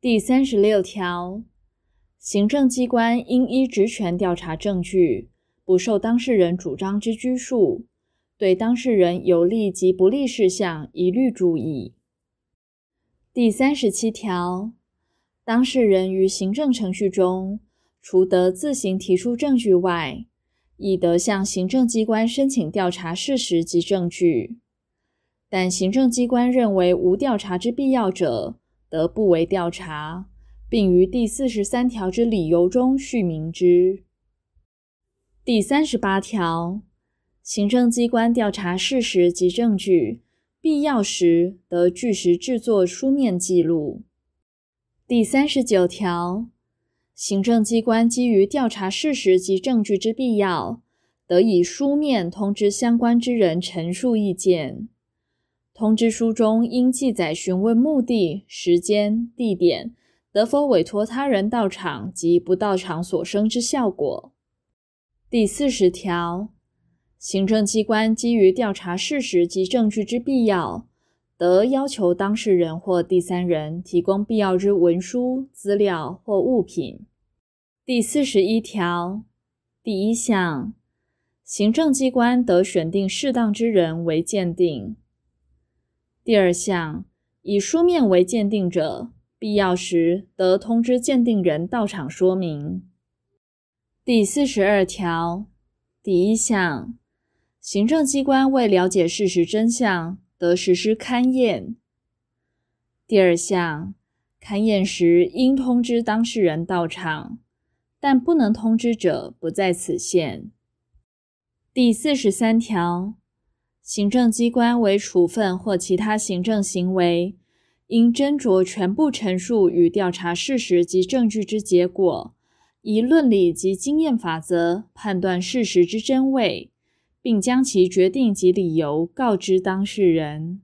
第三十六條，行政機關應依職權調查證據，不受當事人主張之拘束，對當事人有利及不利事項，一律注意。第三十七條，當事人於行政程序中，除得自行提出證據外，亦得向行政機關申請調查事實及證據，但行政機關認為無調查之必要者。得不為調查，並於第四十三條之理由中敘明之。第三十八條，行政機關調查事實及證據，必要時得據實制作書面記錄。第三十九條，行政機關基於調查事實及證據之必要，得以書面通知相關之人陳述意見。通知書中應記載詢問目的、時間、地點，得否委託他人到場及不到場所生之效果。第四十條，行政機關基於調查事實及證據之必要，得要求當事人或第三人提供必要之文書、資料或物品。第四十一條第一項，行政機關得選定適當之人為鑑定。第二項，以書面為鑑定者，必要時得通知鑑定人到場說明。第四十二條第一項，行政機關為了解事實真相，得實施勘驗。第二項，勘驗時應通知當事人到場，但不能通知者不在此限。第四十三條。行政機關為處分或其他行政行為，應斟酌全部陳述與調查事實及證據之結果，以論理及經驗法則判斷事實之真偽，並將其決定及理由告知當事人。